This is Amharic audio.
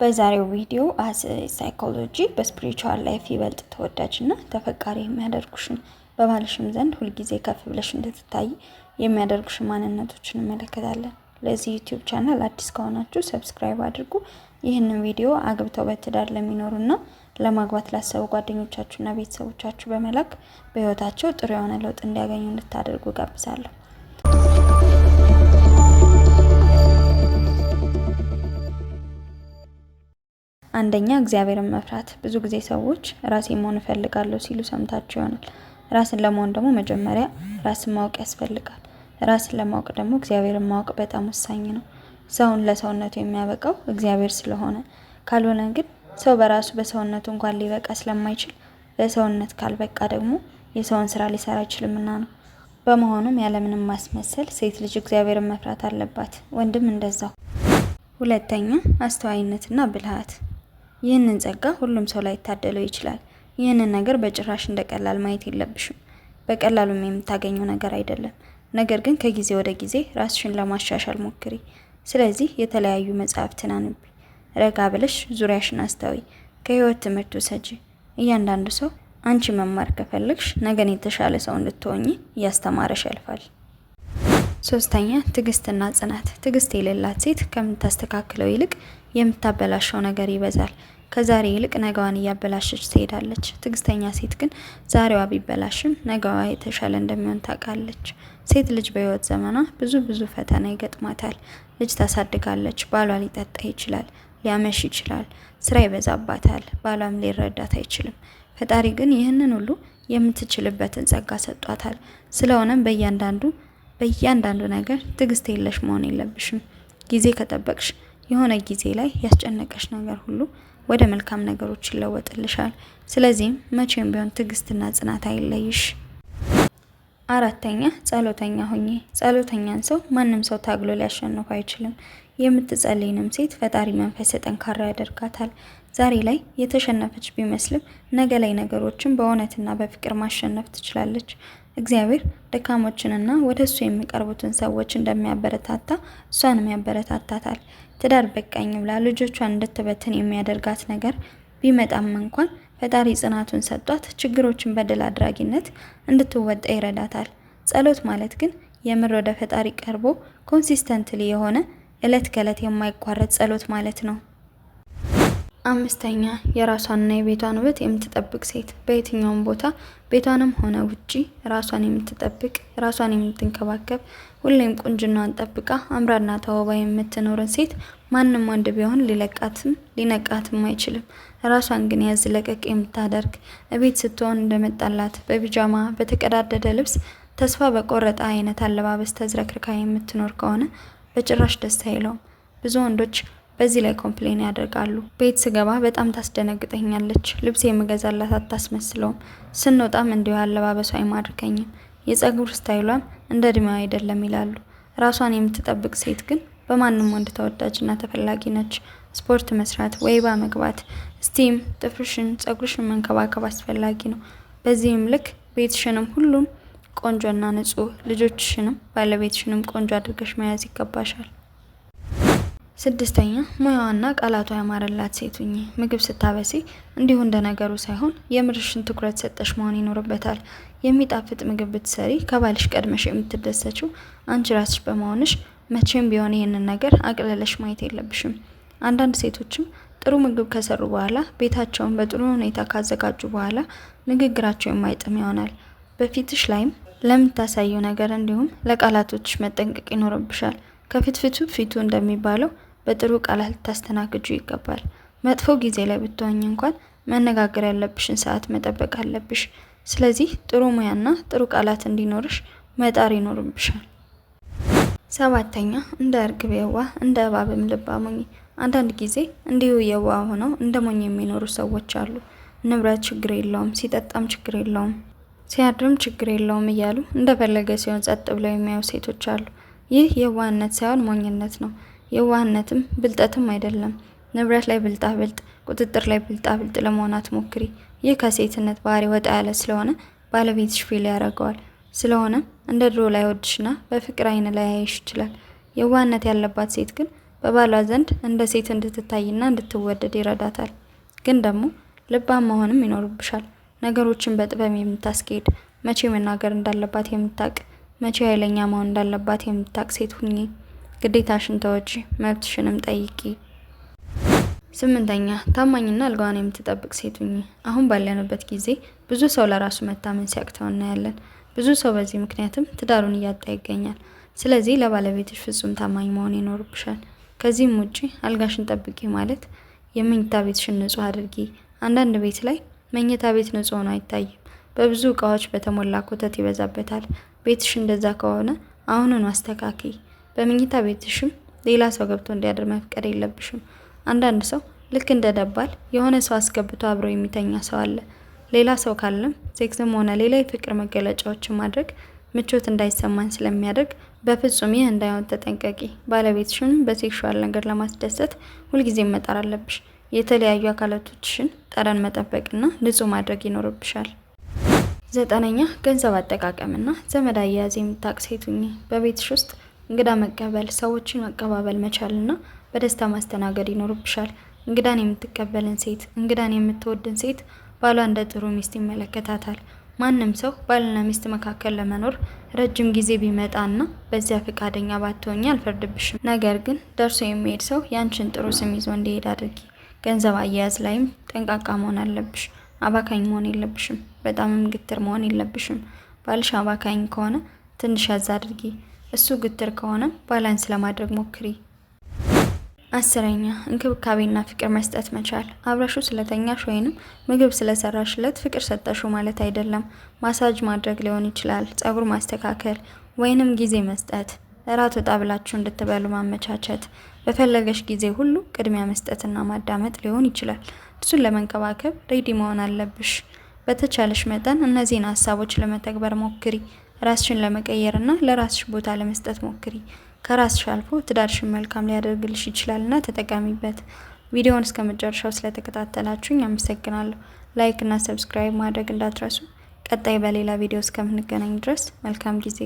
በዛሬው ቪዲዮ አስ ሳይኮሎጂ በስፒሪቹዋል ላይፍ ይበልጥ ተወዳጅና ተፈቃሪ የሚያደርጉሽን በባልሽም ዘንድ ሁልጊዜ ከፍ ብለሽ እንድትታይ የሚያደርጉሽን ማንነቶች እንመለከታለን። ለዚህ ዩቲዩብ ቻናል አዲስ ከሆናችሁ ሰብስክራይብ አድርጉ። ይህንን ቪዲዮ አግብተው በትዳር ለሚኖሩና ለማግባት ላሰቡ ጓደኞቻችሁና ቤተሰቦቻችሁ በመላክ በህይወታቸው ጥሩ የሆነ ለውጥ እንዲያገኙ እንድታደርጉ ጋብዛለሁ። አንደኛ እግዚአብሔርን መፍራት። ብዙ ጊዜ ሰዎች ራሴ መሆን እፈልጋለሁ ሲሉ ሰምታቸው ይሆናል። ራስን ለመሆን ደግሞ መጀመሪያ ራስን ማወቅ ያስፈልጋል። ራስን ለማወቅ ደግሞ እግዚአብሔርን ማወቅ በጣም ወሳኝ ነው። ሰውን ለሰውነቱ የሚያበቃው እግዚአብሔር ስለሆነ፣ ካልሆነ ግን ሰው በራሱ በሰውነቱ እንኳን ሊበቃ ስለማይችል ለሰውነት ካልበቃ ደግሞ የሰውን ስራ ሊሰራ አይችልምና ነው። በመሆኑም ያለምንም ማስመሰል ሴት ልጅ እግዚአብሔርን መፍራት አለባት፣ ወንድም እንደዛው። ሁለተኛ አስተዋይነትና ብልሃት ይህንን ጸጋ ሁሉም ሰው ላይ ታደለው ይችላል። ይህንን ነገር በጭራሽ እንደ ቀላል ማየት የለብሽም። በቀላሉም የምታገኘው ነገር አይደለም። ነገር ግን ከጊዜ ወደ ጊዜ ራስሽን ለማሻሻል ሞክሪ። ስለዚህ የተለያዩ መጽሐፍትን አንብ፣ ረጋ ብለሽ ዙሪያሽን አስተዊ፣ ከህይወት ትምህርት ውሰጂ። እያንዳንዱ ሰው አንቺ መማር ከፈለግሽ ነገን የተሻለ ሰው እንድትሆኚ እያስተማረሽ ያልፋል። ሶስተኛ ትዕግስትና ጽናት። ትዕግስት የሌላት ሴት ከምታስተካክለው ይልቅ የምታበላሸው ነገር ይበዛል። ከዛሬ ይልቅ ነገዋን እያበላሸች ትሄዳለች። ትዕግስተኛ ሴት ግን ዛሬዋ ቢበላሽም ነገዋ የተሻለ እንደሚሆን ታውቃለች። ሴት ልጅ በህይወት ዘመኗ ብዙ ብዙ ፈተና ይገጥማታል። ልጅ ታሳድጋለች። ባሏ ሊጠጣ ይችላል፣ ሊያመሽ ይችላል፣ ስራ ይበዛባታል። ባሏም ሊረዳት አይችልም። ፈጣሪ ግን ይህንን ሁሉ የምትችልበትን ጸጋ ሰጧታል። ስለሆነም በእያንዳንዱ በእያንዳንዱ ነገር ትዕግስት የለሽ መሆን የለብሽም ጊዜ ከጠበቅሽ የሆነ ጊዜ ላይ ያስጨነቀሽ ነገር ሁሉ ወደ መልካም ነገሮች ይለወጥልሻል። ስለዚህም መቼም ቢሆን ትዕግስትና ጽናት አይለይሽ። አራተኛ ጸሎተኛ ሁኚ። ጸሎተኛን ሰው ማንም ሰው ታግሎ ሊያሸንፍ አይችልም። የምትጸልይንም ሴት ፈጣሪ መንፈስ ጠንካራ ያደርጋታል። ዛሬ ላይ የተሸነፈች ቢመስልም ነገ ላይ ነገሮችን በእውነትና በፍቅር ማሸነፍ ትችላለች። እግዚአብሔር ደካሞችንና ወደ እሱ የሚቀርቡትን ሰዎች እንደሚያበረታታ እሷንም ያበረታታታል። ትዳር በቃኝ ብላ ልጆቿን እንድትበትን የሚያደርጋት ነገር ቢመጣም እንኳን ፈጣሪ ጽናቱን ሰጧት፣ ችግሮችን በድል አድራጊነት እንድትወጣ ይረዳታል። ጸሎት ማለት ግን የምር ወደ ፈጣሪ ቀርቦ ኮንሲስተንትሊ የሆነ እለት ከእለት የማይቋረጥ ጸሎት ማለት ነው። አምስተኛ የራሷንና የቤቷን ውበት የምትጠብቅ ሴት በየትኛውም ቦታ ቤቷንም ሆነ ውጪ ራሷን የምትጠብቅ ራሷን የምትንከባከብ ሁሌም ቁንጅናዋን ጠብቃ አምራና ተውባ የምትኖርን ሴት ማንም ወንድ ቢሆን ሊለቃትም ሊነቃትም አይችልም። ራሷን ግን ያዝ ለቀቅ የምታደርግ እቤት ስትሆን እንደመጣላት በቢጃማ በተቀዳደደ ልብስ ተስፋ በቆረጠ አይነት አለባበስ ተዝረክርካ የምትኖር ከሆነ በጭራሽ ደስ አይለውም። ብዙ ወንዶች በዚህ ላይ ኮምፕሌን ያደርጋሉ። ቤት ስገባ በጣም ታስደነግጠኛለች። ልብስ የምገዛላት አታስመስለውም። ስንወጣም እንዲሁ አለባበሷ አይማርከኝም። የጸጉር ስታይሏም እንደ እድሜዋ አይደለም ይላሉ። ራሷን የምትጠብቅ ሴት ግን በማንም ወንድ ተወዳጅና ተፈላጊ ነች። ስፖርት መስራት፣ ወይባ መግባት፣ ስቲም፣ ጥፍርሽን፣ ጸጉርሽን መንከባከብ አስፈላጊ ነው። በዚህም ልክ ቤትሽንም ሁሉም ቆንጆና ንጹህ፣ ልጆችሽንም ባለቤትሽንም ቆንጆ አድርገሽ መያዝ ይገባሻል። ስድስተኛ ሙያዋና ቃላቷ ያማረላት ሴት ሁኚ። ምግብ ስታበሲ እንዲሁ እንደ ነገሩ ሳይሆን የምርሽን ትኩረት ሰጠሽ መሆን ይኖርበታል። የሚጣፍጥ ምግብ ብትሰሪ ከባልሽ ቀድመሽ የምትደሰችው አንቺ ራስሽ በመሆንሽ፣ መቼም ቢሆን ይህንን ነገር አቅለለሽ ማየት የለብሽም። አንዳንድ ሴቶችም ጥሩ ምግብ ከሰሩ በኋላ ቤታቸውን በጥሩ ሁኔታ ካዘጋጁ በኋላ ንግግራቸው የማይጥም ይሆናል። በፊትሽ ላይም ለምታሳየው ነገር እንዲሁም ለቃላቶች መጠንቀቅ ይኖርብሻል። ከፍትፍቱ ፊቱ እንደሚባለው በጥሩ ቃላት ልታስተናግጁ ይገባል። መጥፎ ጊዜ ላይ ብትሆኝ እንኳን መነጋገር ያለብሽን ሰዓት መጠበቅ አለብሽ። ስለዚህ ጥሩ ሙያና ጥሩ ቃላት እንዲኖርሽ መጣር ይኖርብሻል። ሰባተኛ እንደ እርግብ የዋህ እንደ እባብም ልባ ሞኝ። አንዳንድ ጊዜ እንዲሁ የዋህ ሆነው እንደ ሞኝ የሚኖሩ ሰዎች አሉ። ንብረት ችግር የለውም፣ ሲጠጣም ችግር የለውም፣ ሲያድርም ችግር የለውም እያሉ እንደፈለገ ሲሆን ጸጥ ብለው የሚያዩ ሴቶች አሉ። ይህ የዋህነት ሳይሆን ሞኝነት ነው። የዋህነትም ብልጠትም አይደለም። ንብረት ላይ ብልጣ ብልጥ፣ ቁጥጥር ላይ ብልጣ ብልጥ ለመሆን አትሞክሪ። ይህ ከሴትነት ባህሪ ወጣ ያለ ስለሆነ ባለቤትሽ ፊል ያደርገዋል። ስለሆነ እንደ ድሮ ላይ ወድሽና በፍቅር አይን ላይ ያይሽ ይችላል። የዋህነት ያለባት ሴት ግን በባሏ ዘንድ እንደ ሴት እንድትታይና እንድትወደድ ይረዳታል። ግን ደግሞ ልባም መሆንም ይኖርብሻል። ነገሮችን በጥበብ የምታስኬድ መቼ መናገር እንዳለባት የምታቅ መቼ ኃይለኛ መሆን እንዳለባት የምታቅ ሴት ሁኚ። ግዴታሽን ተወጪ፣ መብትሽንም ጠይቂ። ስምንተኛ ታማኝና አልጋዋን የምትጠብቅ ሴት ሁኚ። አሁን ባለንበት ጊዜ ብዙ ሰው ለራሱ መታመን ሲያቅተው እናያለን። ብዙ ሰው በዚህ ምክንያትም ትዳሩን እያጣ ይገኛል። ስለዚህ ለባለቤትሽ ፍጹም ታማኝ መሆን ይኖርብሻል። ከዚህም ውጪ አልጋሽን ጠብቂ ማለት የመኝታ ቤትሽን ንጹህ አድርጊ። አንዳንድ ቤት ላይ መኝታ ቤት ንጹህ ሆኖ አይታይም፣ በብዙ እቃዎች በተሞላ ኮተት ይበዛበታል። ቤትሽ እንደዛ ከሆነ አሁኑን አስተካኪ። በመኝታ ቤትሽም ሌላ ሰው ገብቶ እንዲያድር መፍቀድ የለብሽም። አንዳንድ ሰው ልክ እንደ ደባል የሆነ ሰው አስገብቶ አብሮ የሚተኛ ሰው አለ። ሌላ ሰው ካለም ሴክስም ሆነ ሌላ የፍቅር መገለጫዎችን ማድረግ ምቾት እንዳይሰማኝ ስለሚያደርግ በፍጹም ይህ እንዳይሆን ተጠንቀቂ። ባለቤትሽንም በሴክሹዋል ነገር ለማስደሰት ሁልጊዜ መጣር አለብሽ። የተለያዩ አካላቶችሽን ጠረን መጠበቅና ንጹህ ማድረግ ይኖርብሻል። ዘጠነኛ ገንዘብ አጠቃቀምና ዘመድ አያያዝ የምታቅ ሴቱኝ በቤትሽ ውስጥ እንግዳ መቀበል፣ ሰዎችን መቀባበል መቻልና በደስታ ማስተናገድ ይኖርብሻል። እንግዳን የምትቀበልን ሴት፣ እንግዳን የምትወድን ሴት ባሏ እንደ ጥሩ ሚስት ይመለከታታል። ማንም ሰው ባልና ሚስት መካከል ለመኖር ረጅም ጊዜ ቢመጣና በዚያ ፈቃደኛ ባትሆኝ አልፈርድብሽም። ነገር ግን ደርሶ የሚሄድ ሰው ያንቺን ጥሩ ስም ይዞ እንዲሄድ አድርጊ። ገንዘብ አያያዝ ላይም ጠንቃቃ መሆን አለብሽ። አባካኝ መሆን የለብሽም። በጣምም ግትር መሆን የለብሽም። ባልሽ አባካኝ ከሆነ ትንሽ ያዝ አድርጊ። እሱ ግትር ከሆነ ባላንስ ለማድረግ ሞክሪ። አስረኛ እንክብካቤና ፍቅር መስጠት መቻል። አብረሹ ስለተኛሽ ወይንም ምግብ ስለሰራሽለት ፍቅር ሰጠሹ ማለት አይደለም። ማሳጅ ማድረግ ሊሆን ይችላል፣ ጸጉር ማስተካከል ወይንም ጊዜ መስጠት፣ እራት ወጣ ብላችሁ እንድትበሉ ማመቻቸት፣ በፈለገሽ ጊዜ ሁሉ ቅድሚያ መስጠትና ማዳመጥ ሊሆን ይችላል። እሱን ለመንከባከብ ሬዲ መሆን አለብሽ። በተቻለሽ መጠን እነዚህን ሀሳቦች ለመተግበር ሞክሪ። ራስሽን ለመቀየርና ለራስሽ ቦታ ለመስጠት ሞክሪ። ከራስሽ አልፎ ትዳርሽን መልካም ሊያደርግልሽ ይችላልና ተጠቃሚበት። ቪዲዮውን እስከ መጨረሻው ስለተከታተላችሁኝ አመሰግናለሁ። ላይክ እና ሰብስክራይብ ማድረግ እንዳትረሱ። ቀጣይ በሌላ ቪዲዮ እስከምንገናኝ ድረስ መልካም ጊዜ